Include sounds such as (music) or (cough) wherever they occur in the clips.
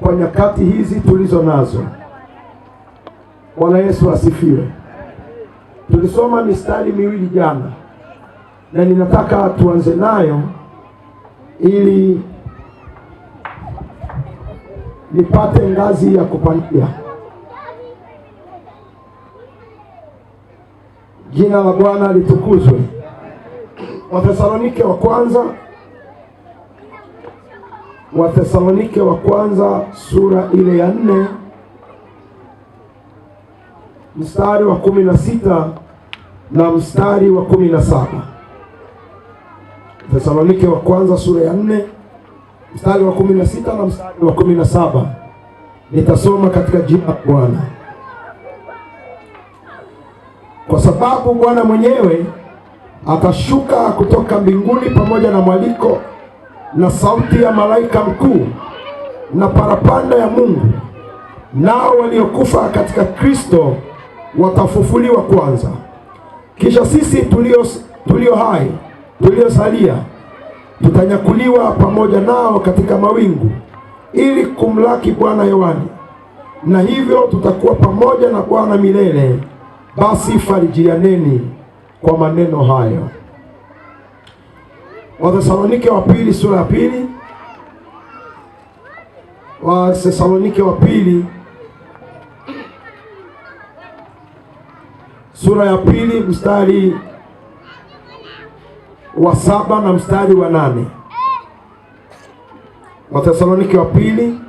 kwa nyakati hizi tulizo nazo. Bwana Yesu asifiwe. Tulisoma mistari miwili jana na ninataka tuanze nayo ili nipate ngazi ya kupandia. Jina la Bwana litukuzwe. Wathesalonike wa kwanza Wathesalonike wa kwanza sura ile ya nne mstari wa kumi na sita na mstari wa kumi na saba Thesalonike wa kwanza sura ya nne mstari wa kumi na sita na mstari wa kumi na saba Nitasoma katika jina la Bwana, kwa sababu Bwana mwenyewe atashuka kutoka mbinguni pamoja na mwaliko na sauti ya malaika mkuu na parapanda ya Mungu, nao waliokufa katika Kristo watafufuliwa kwanza. Kisha sisi tulio, tulio hai tuliosalia tutanyakuliwa pamoja nao katika mawingu ili kumlaki Bwana hewani, na hivyo tutakuwa pamoja na Bwana milele. Basi farijianeni kwa maneno hayo. Wathesalonike wa pili sura ya pili, Wathesalonike wa pili sura ya pili mstari wa saba na mstari wa nane. Wathesalonike wa pili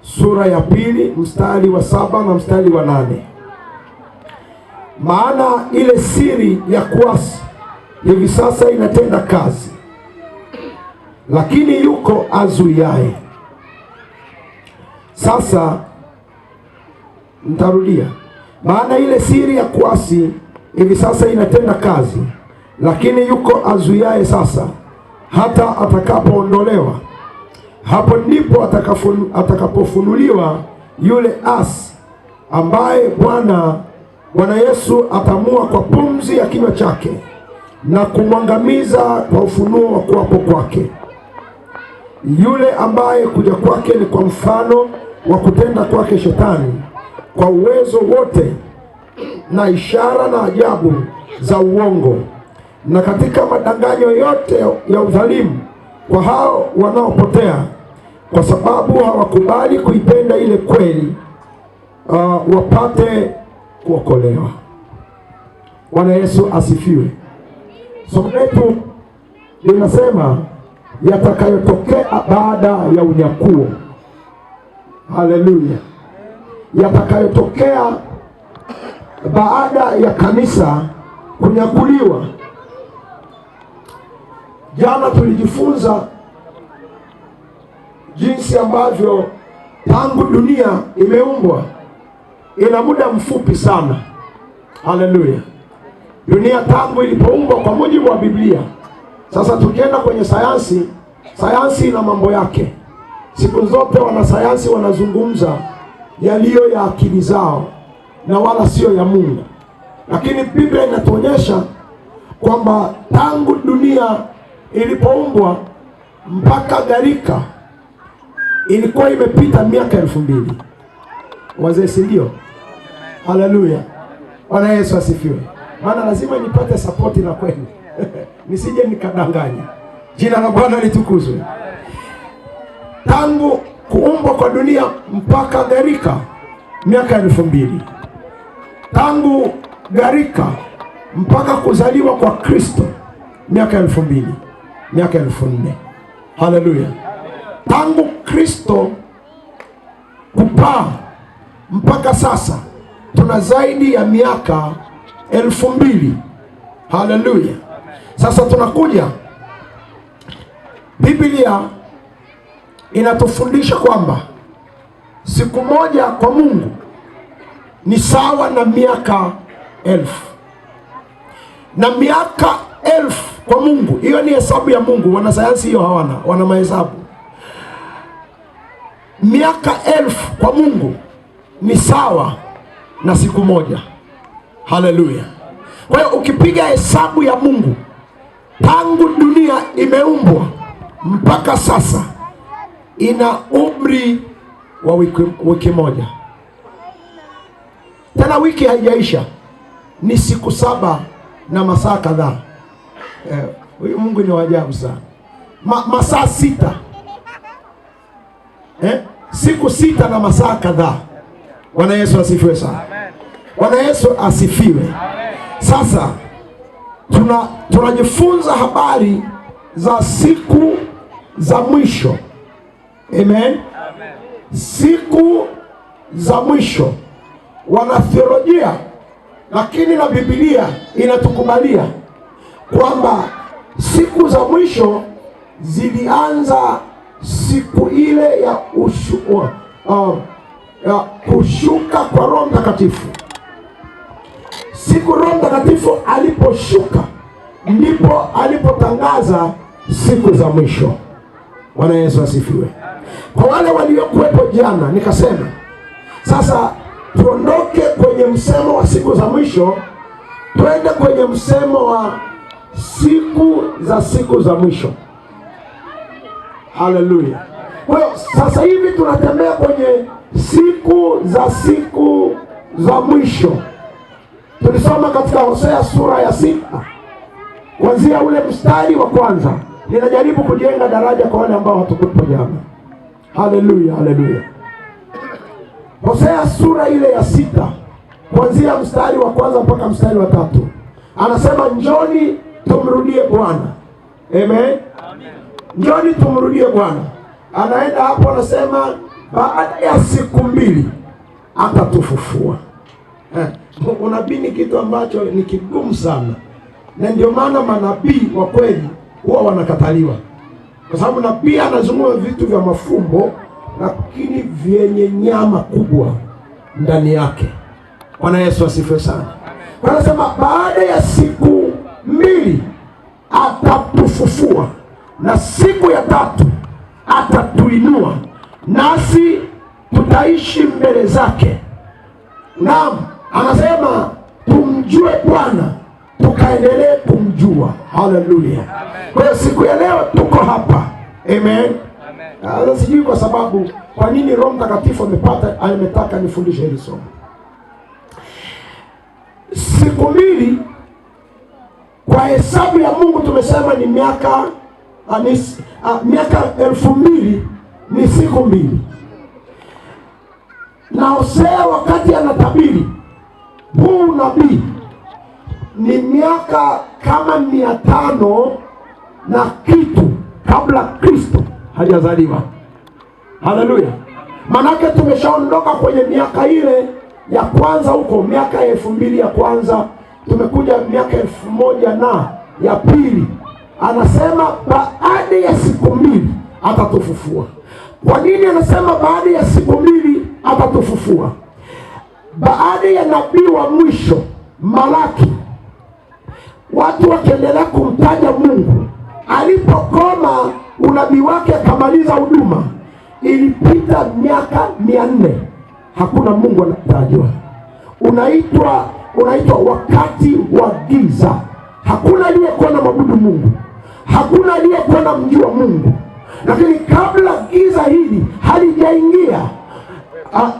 sura ya pili mstari wa saba na mstari wa nane. Maana ile siri ya kuasi hivi sasa inatenda kazi, lakini yuko azuiaye. Sasa nitarudia, maana ile siri ya kuasi hivi sasa inatenda kazi, lakini yuko azuiaye sasa hata atakapoondolewa. Hapo ndipo atakapofunuliwa yule asi ambaye Bwana Bwana Yesu atamua kwa pumzi ya kinywa chake na kumwangamiza kwa ufunuo wa kuwapo kwake. Yule ambaye kuja kwake ni kwa mfano wa kutenda kwake Shetani, kwa uwezo wote na ishara na ajabu za uongo, na katika madanganyo yote ya udhalimu kwa hao wanaopotea, kwa sababu hawakubali kuipenda ile kweli, uh, wapate kuokolewa. Bwana Yesu asifiwe. Somo letu linasema yatakayotokea baada ya unyakuo. Haleluya! yatakayotokea baada ya kanisa kunyakuliwa. Jana tulijifunza jinsi ambavyo tangu dunia imeumbwa ina muda mfupi sana. Haleluya! dunia tangu ilipoumbwa kwa mujibu wa Biblia. Sasa tukienda kwenye sayansi, sayansi ina mambo yake. Siku zote wanasayansi wanazungumza yaliyo ya akili zao na wala siyo ya Mungu, lakini Biblia inatuonyesha kwamba tangu dunia ilipoumbwa mpaka gharika ilikuwa imepita miaka elfu mbili. Wazee, si ndio? Haleluya! Bwana Yesu asifiwe maana lazima nipate sapoti la kwenu (laughs) nisije nikadanganya. Jina la Bwana litukuzwe. Tangu kuumbwa kwa dunia mpaka gharika miaka elfu mbili tangu gharika mpaka kuzaliwa kwa Kristo miaka elfu mbili miaka elfu nne Haleluya! Tangu Kristo kupaa mpaka sasa tuna zaidi ya miaka elfu mbili. Haleluya! Sasa tunakuja, Biblia inatufundisha kwamba siku moja kwa Mungu ni sawa na miaka elfu, na miaka elfu kwa Mungu, hiyo ni hesabu ya Mungu. Wanasayansi hiyo hawana, wana mahesabu. Miaka elfu kwa Mungu ni sawa na siku moja. Haleluya! Kwa hiyo ukipiga hesabu ya Mungu tangu dunia imeumbwa mpaka sasa ina umri wa wiki, wiki moja. Tena wiki haijaisha, ni siku saba na masaa kadhaa. Eh, huyu eh, Mungu ni wajabu sana. Ma, masaa sita eh, siku sita na masaa kadhaa. Bwana Yesu asifiwe sana. Bwana Yesu asifiwe. Sasa tuna tunajifunza habari za siku za mwisho. Amen, Siku za mwisho wanatheolojia, lakini na Biblia inatukubalia kwamba siku za mwisho zilianza siku ile ya, ushu, uh, uh, ya kushuka kwa Roho Mtakatifu. Siku Roho Mtakatifu aliposhuka ndipo alipotangaza siku za mwisho. Bwana Yesu asifiwe. Kwa wale waliokuwepo jana, nikasema sasa tuondoke kwenye msemo wa siku za mwisho, twende kwenye msemo wa siku za siku za mwisho. Haleluya! Kwa hiyo sasa hivi tunatembea kwenye siku za siku za mwisho. Tulisoma katika Hosea sura ya sita kuanzia ule mstari wa kwanza. Ninajaribu kujenga daraja kwa wale ambao hatukupo jana. Haleluya, haleluya. Hosea sura ile ya sita kuanzia mstari wa kwanza mpaka mstari wa tatu anasema njoni tumrudie Bwana. Amen, njoni tumrudie Bwana. Anaenda hapo anasema baada ya siku mbili atatufufua eh. Unabii ni kitu ambacho ni kigumu sana, na ndio maana manabii wa kweli huwa wanakataliwa, kwa sababu nabii anazungumza vitu vya mafumbo, lakini vyenye nyama kubwa ndani yake. Bwana Yesu asifiwe sana. Wanasema baada ya siku mbili atatufufua na siku ya tatu atatuinua nasi tutaishi mbele zake. Naam. Anasema tumjue Bwana tukaendelee kumjua. Haleluya! Kwa hiyo siku ya leo tuko hapa amen. Sasa ah, sijui kwa sababu kwa nini Roho Mtakatifu amepata ametaka nifundishe hili somo siku mbili kwa hesabu ya Mungu tumesema ni miaka anis, ah, a, ah, miaka elfu mbili ni siku mbili, na Hosea wakati anatabiri huu unabii ni miaka kama mia tano na kitu kabla Kristo hajazaliwa. Haleluya! Manake tumeshaondoka kwenye miaka ile ya kwanza huko, miaka ya elfu mbili ya kwanza, tumekuja miaka elfu moja na ya pili. Anasema baada ya siku mbili atatufufua. Kwa nini anasema baada ya siku mbili atatufufua? baada ya nabii wa mwisho Malaki, watu wakiendelea kumtaja Mungu, alipokoma unabii wake akamaliza huduma, ilipita miaka mia nne hakuna Mungu anatajwa. Unaitwa unaitwa wakati wa giza, hakuna aliyekuwa na mabudu Mungu, hakuna aliyekuwa na wa Mungu. Lakini kabla giza hili halijaingia ah,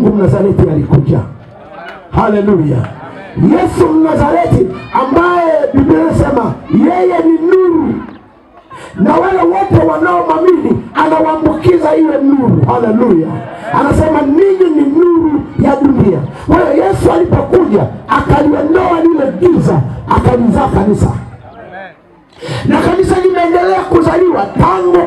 Mungu Mnazareti alikuja. Haleluya! Yesu Mnazareti ambaye Biblia inasema yeye ni nuru, na wale wote wanaomwamini anawaambukiza ile nuru. Haleluya! Anasema ninyi ni nuru ya dunia. Kwa hiyo Yesu alipokuja akaliondoa lile giza, akalizaa kanisa, na kanisa limeendelea kuzaliwa tangu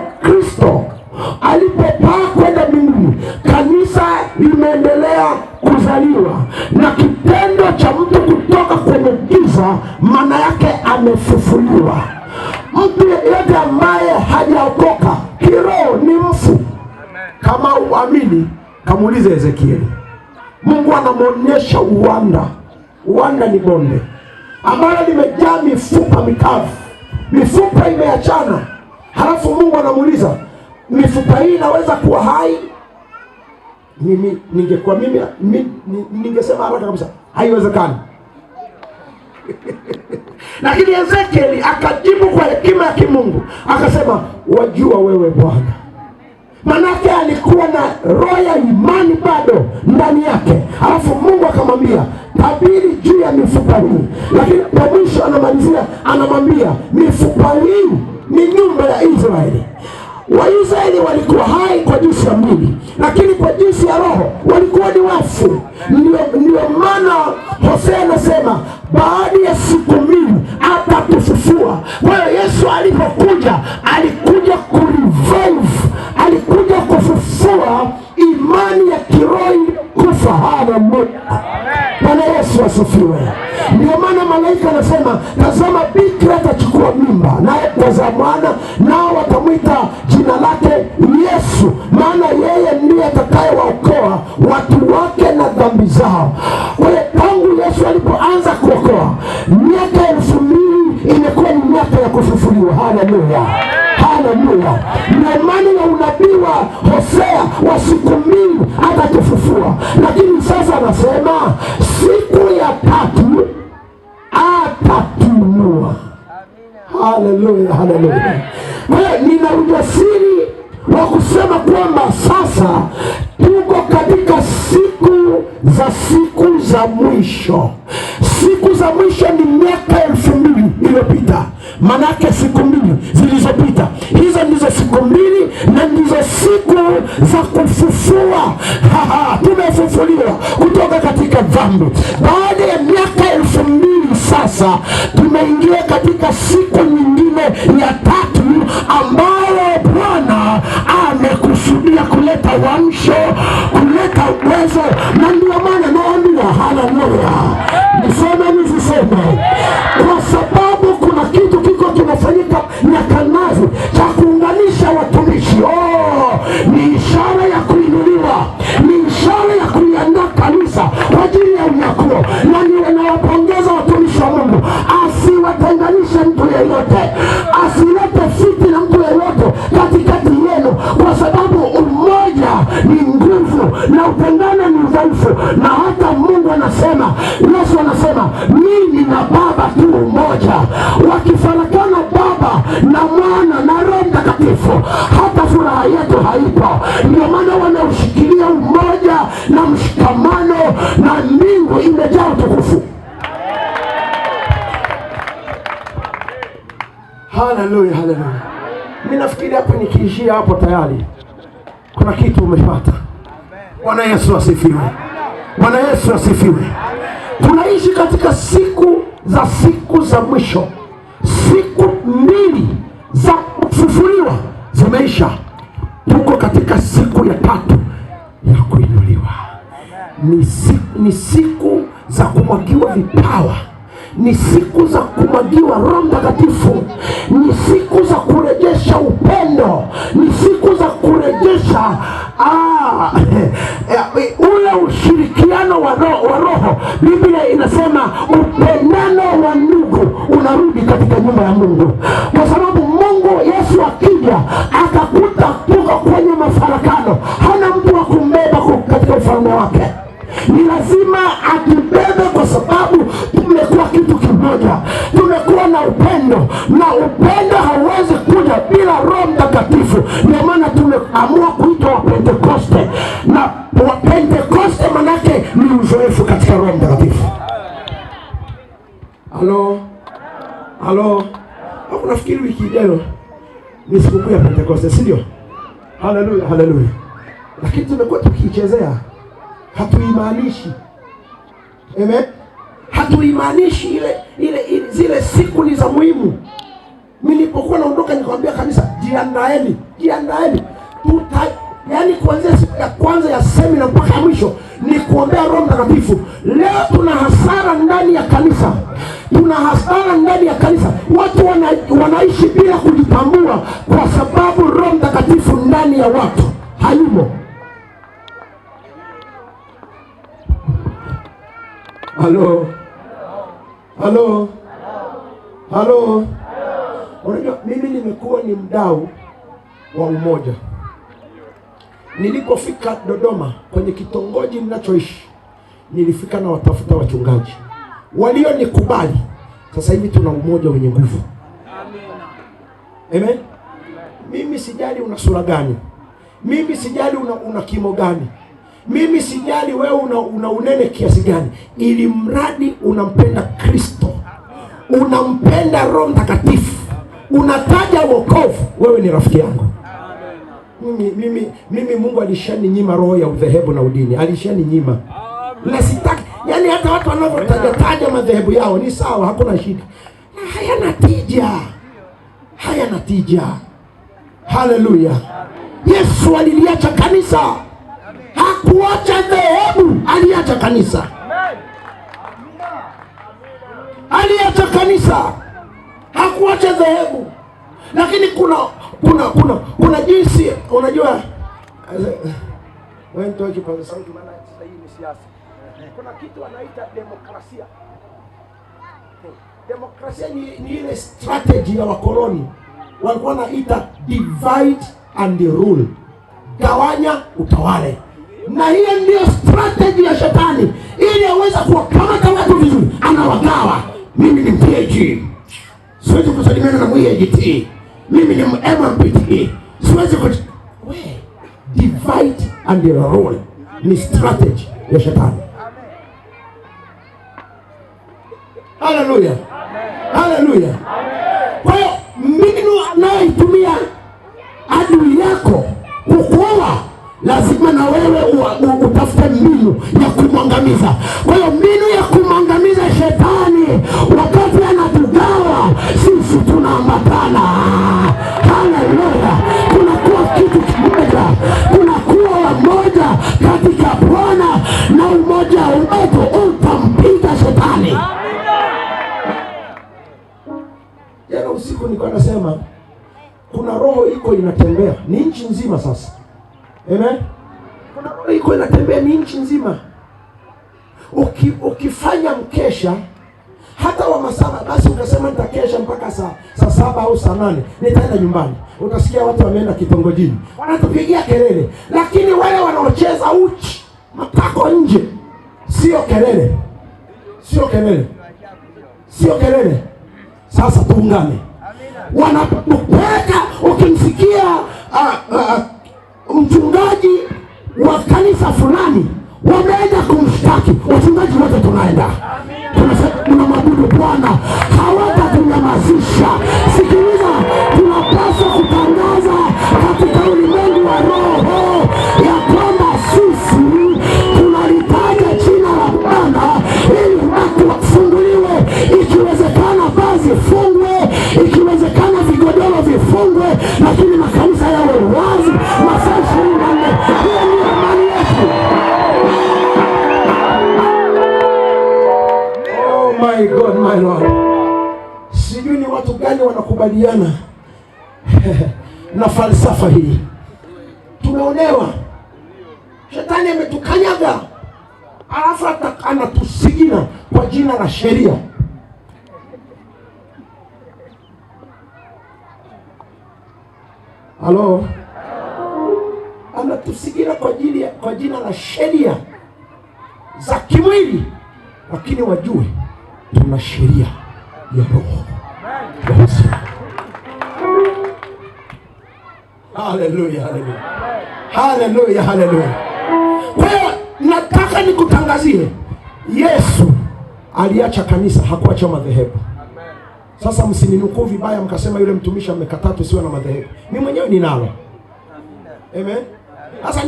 kuzaliwa na kitendo cha mtu kutoka kwenye giza maana yake amefufuliwa. Mtu yeyote ambaye hajaokoka kiroho ni mfu. Kama uamini, kamuulize Ezekieli. Mungu anamwonyesha uwanda. Uwanda ni bonde ambalo limejaa mifupa mikavu, mifupa imeachana. Halafu Mungu anamuuliza, mifupa hii inaweza kuwa hai? mimi ningekuwa mimi ningesema haraka kabisa haiwezekani. (laughs) Lakini Ezekieli akajibu kwa hekima ya Kimungu akasema, wajua wewe Bwana. Manake alikuwa na roho ya imani bado ndani yake, alafu Mungu akamwambia tabiri juu ya mifupa hii, lakini kwa mwisho anamalizia, anamwambia mifupa hii ni nyumba ya Israeli. Waisraeli walikuwa hai kwa jinsi ya mwili, lakini kwa jinsi ya roho walikuwa ni wafu. ndio maana Hosea anasema baada ya siku mbili atatufufua. Kwa hiyo Yesu alipokuja, alikuja kurevive, alikuja kufufua imani ya kiroho kufa. Haleluya! Bwana Yesu asifiwe. Ndio maana malaika anasema, tazama, bikira atachukua mimba, naye atazaa mwana, nao watamwita Lord. Haleluya, haleluya. Nina ujasiri wa kusema kwamba sasa tuko katika siku za siku za mwisho. Siku za mwisho ni miaka elfu mbili iliyopita manake siku mbili zilizopita. Hizo ndizo siku mbili na ndizo siku za kufufua. Tumefufuliwa kutoka katika dhambi baada ya miaka elfu mbili sasa, tumeingia katika siku nyingine ya tatu ambayo Bwana amekusudia kuleta uamsho, kuleta uwezo Yesu anasema mimi na Baba tu mmoja. Wakifarakana Baba na Mwana na Roho Mtakatifu, hata furaha yetu haipo. Ndio maana wanaoshikilia umoja na mshikamano na mbingu imejaa utukufu. Haleluya, haleluya. Mimi nafikiri hapo, nikiishia hapo tayari kuna kitu umepata. Bwana Yesu asifiwe! Bwana Yesu asifiwe! tunaishi katika siku za siku za mwisho. Siku mbili za kufufuliwa zimeisha, tuko katika siku ya tatu ya kuinuliwa. Ni siku, ni siku za kumwagiwa vipawa ni siku za kumwagiwa Roho Mtakatifu, ni siku za kurejesha upendo, ni siku za kurejesha ah, (laughs) ule ushirikiano wa roho, wa roho. Biblia inasema upendano wa ndugu unarudi katika nyumba ya Mungu, kwa sababu Mungu Yesu akija akakuta tuko kwenye mafarakano, hana mtu wa kumbeba katika ufalme wake, ni lazima atu moja, tumekuwa na upendo, na upendo hauwezi kuja bila Roho Mtakatifu. Ndio maana tumeamua kuitwa Wapentekoste, na Wapentekoste manake ni uzoefu katika Roho Mtakatifu. Halo, halo, nafikiri wiki ijayo ni sikukuu ya Pentekoste, si ndio? Haleluya, haleluya. Lakini tumekuwa tukichezea hatuimaanishi Amen. Hatuimaanishi ile ile, zile siku ni za muhimu. Nilipokuwa naondoka nikamwambia kanisa, jiandaeni, jiandaeni tuta yaani, kuanzia siku ya kwanza ya semina mpaka mwisho ni kuombea Roho Mtakatifu. Leo tuna hasara ndani ya kanisa, tuna hasara ndani ya kanisa. Watu wana, wanaishi bila kujitambua kwa sababu Roho Mtakatifu ndani ya watu hayumo. Halo. Halo, halo. Unajua, mimi nimekuwa ni mdau wa umoja. Nilipofika Dodoma kwenye kitongoji ninachoishi, nilifika na watafuta wachungaji walionikubali. Sasa hivi tuna umoja wenye nguvu. Amen. Mimi sijali una sura gani, mimi sijali una, una kimo gani mimi sijali wewe una, una unene kiasi gani, ili mradi unampenda Kristo, unampenda Roho Mtakatifu, unataja wokovu, wewe ni rafiki yangu. Mimi, mimi, mimi Mungu alishaninyima roho ya udhehebu na udini, alishaninyima na sitaki. Yani hata watu wanavyotaja taja madhehebu yao ni sawa, hakuna shida, na hayana tija, hayana tija. Haleluya! Yesu aliliacha kanisa kuacha dhehebu, aliacha kanisa, aliacha kanisa, hakuacha dhehebu. Lakini kuna kuna kuna kuna jinsi, unajua wewe ndio kipaza sauti, maana sasa hii ni siasa. Kuna kitu anaita demokrasia. Demokrasia ni, ni ile strategy ya wakoloni walikuwa wanaita divide and rule, gawanya utawale na hiyo ndiyo strategy ya shetani ili aweze kuwakamata watu vizuri, anawagawa. Mimi ni PhD, siwezi kusalimiana na MAGT. Mimi ni MMPT, e. siwezi We, divide and rule. Ni strategy ya shetani. Haleluya, haleluya. Kwa hiyo mbinu anayoitumia adui yako kukuoa lazima na wewe utafute mbinu ya kumwangamiza. Kwa hiyo mbinu ya kumwangamiza shetani wakati anatugawa sisi tunaambatana. Haleluya, tunakuwa kitu kimoja, tunakuwa wamoja katika Bwana na umoja wetu utampiga shetani. Jana usiku nilikuwa nasema kuna roho iko inatembea, ni nchi nzima sasa Amen. Kuna roho iko inatembea ni nchi nzima. Uki, ukifanya mkesha hata wa masaba basi, utasema nitakesha mpaka saa saa saba au saa nane nitaenda nyumbani. Utasikia watu wameenda kitongojini wanatupigia kelele, lakini wale wanaocheza uchi matako nje, sio kelele, sio kelele, sio kelele. Sasa tuungane, wanatupeka ukimsikia ah, ah, ah, mchungaji wa kanisa fulani wameenda kumshtaki. Wachungaji wote tunaenda, tunamwabudu Bwana, hawatatunyamazisha. Sikiliza, tunapaswa kutangaza katika ulimwengu wa roho ya kwamba sisi tunalitaja jina la Bwana ili watu wafunguliwe, ikiwezekana vazi kukubaliana (laughs) na falsafa hii. Tumeonewa, shetani ametukanyaga, alafu anatusigina kwa jina la sheria. Halo, anatusigina kwa jina, kwa jina la sheria za kimwili, lakini wajue tuna sheria ya roho ya uzima. Haleluya, haleluya, haleluya, haleluya. Kwa hiyo nataka nikutangazie Yesu aliacha kanisa, hakuacha madhehebu. Sasa msininukuu vibaya mkasema yule mtumishi amekataa tusiwe na madhehebu. Mi mwenyewe ninalo. Amen. Sasa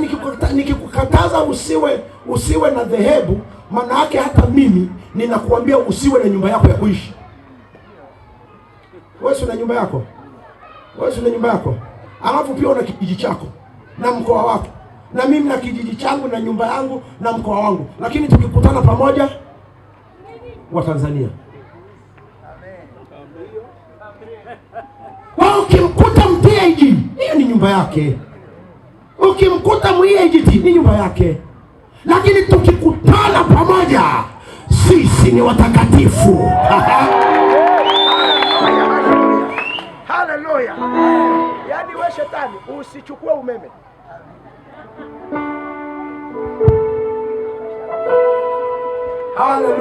nikikukataza usiwe usiwe na dhehebu, maana yake hata mimi ninakuambia usiwe na nyumba yako ya kuishi. Wewe una nyumba yako? Wewe una nyumba yako? alafu pia una kijiji chako na mkoa wako na mimi na kijiji changu na nyumba yangu na mkoa wangu, lakini tukikutana pamoja wa Tanzania wao, ukimkuta mtiaij hiyo ni nyumba yake, ukimkuta mwiajiti ni nyumba yake, lakini tukikutana pamoja sisi ni watakatifu. (laughs) Haleluya! shetani, usichukue umeme. Haleluya.